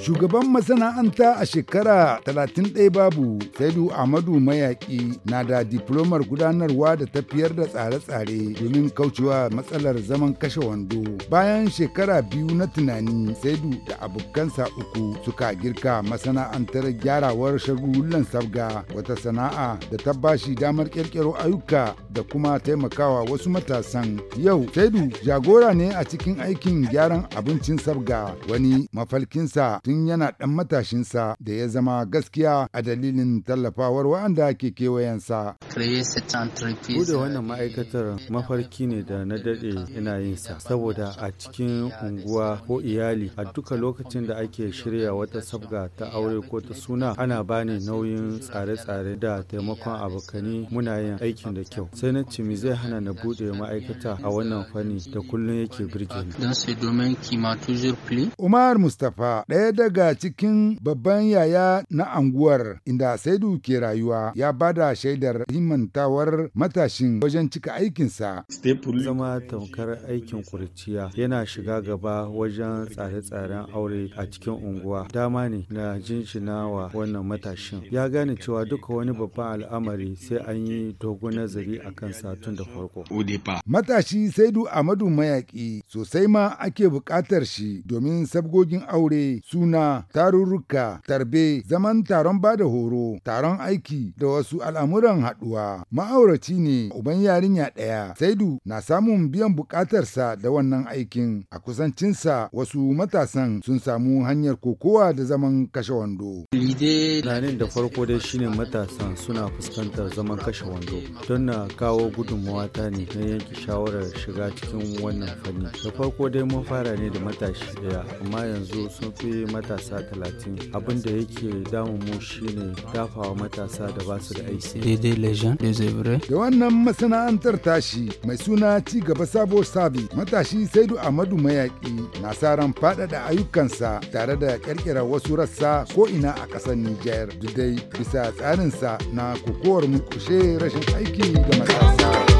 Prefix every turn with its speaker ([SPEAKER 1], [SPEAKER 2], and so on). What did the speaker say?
[SPEAKER 1] Shugaban masana'anta a shekara 31 babu Saidu Ahmadu Mayaki, na da diplomar gudanarwa da tafiyar da tsare-tsare domin kaucewa matsalar zaman kashe wando. Bayan shekara biyu na tunani Saidu da abokansa uku suka girka masana'antar gyarawar shagulullan sabga wata sana'a da ta bashi damar ƙirƙiro ayyuka da kuma taimakawa wasu matasan. Yau Saidu jagora ne a cikin aikin gyaran abincin sabga wani mafalkinsa tun yana ɗan matashinsa da ya zama gaskiya a dalilin tallafawar wa'anda ke kewayensa.
[SPEAKER 2] Bude uh, wannan ma'aikatar mafarki ne da na daɗe ina yin sa saboda a cikin unguwa ko iyali a duka lokacin da ake shirya wata sabga ta aure ko ta suna ana bani nauyin tsare-tsare da taimakon abokani muna yin aikin da kyau sai na cimi zai hana na bude ma'aikata a wannan fanni da kullum yake birge ni.
[SPEAKER 1] Umar Mustapha ɗaya daga cikin babban yaya na anguwar inda Saidu ke rayuwa ya bada shaidar himantawar matashin wajen cika aikinsa.
[SPEAKER 2] Zama tamkar aikin kurciya yana shiga gaba wajen tsare-tsaren aure a cikin unguwa. Dama ne na jinshina wa wannan matashin. Ya gane cewa duka wani babban al'amari sai an yi dogon nazari a kan satun da farko.
[SPEAKER 1] Matashi Saidu Amadu mayaƙi sosai ma ake buƙatar shi domin sabgogin aure suna suna, tarurruka, tarbe, zaman taron ba da horo, taron aiki da wasu al'amuran haɗuwa. Ma'auraci ne uban yarinya ɗaya, Saidu na samun biyan buƙatarsa da wannan aikin. A kusancinsa wasu matasan sun samu hanyar kokowa da zaman kashe wando.
[SPEAKER 2] Tunanin da farko dai shine matasan suna fuskantar zaman kashe wando don na kawo gudunmawa ta ne na yanke shawarar shiga cikin wannan fanni. Da farko dai mun fara ne da matashi daya amma yanzu sun fi matasa talatin abin da yake damu mu shine dafawa matasa da ba su da aiki
[SPEAKER 1] daidai lejan da wannan masana'antar tashi mai suna ci gaba sabo sabi matashi saidu amadu mayaki na saran ran faɗaɗa ayyukansa tare da ƙirƙirar wasu rassa ko ina a ƙasar nijar duk bisa tsarinsa na kokowar murƙushe rashin aiki ga matasa.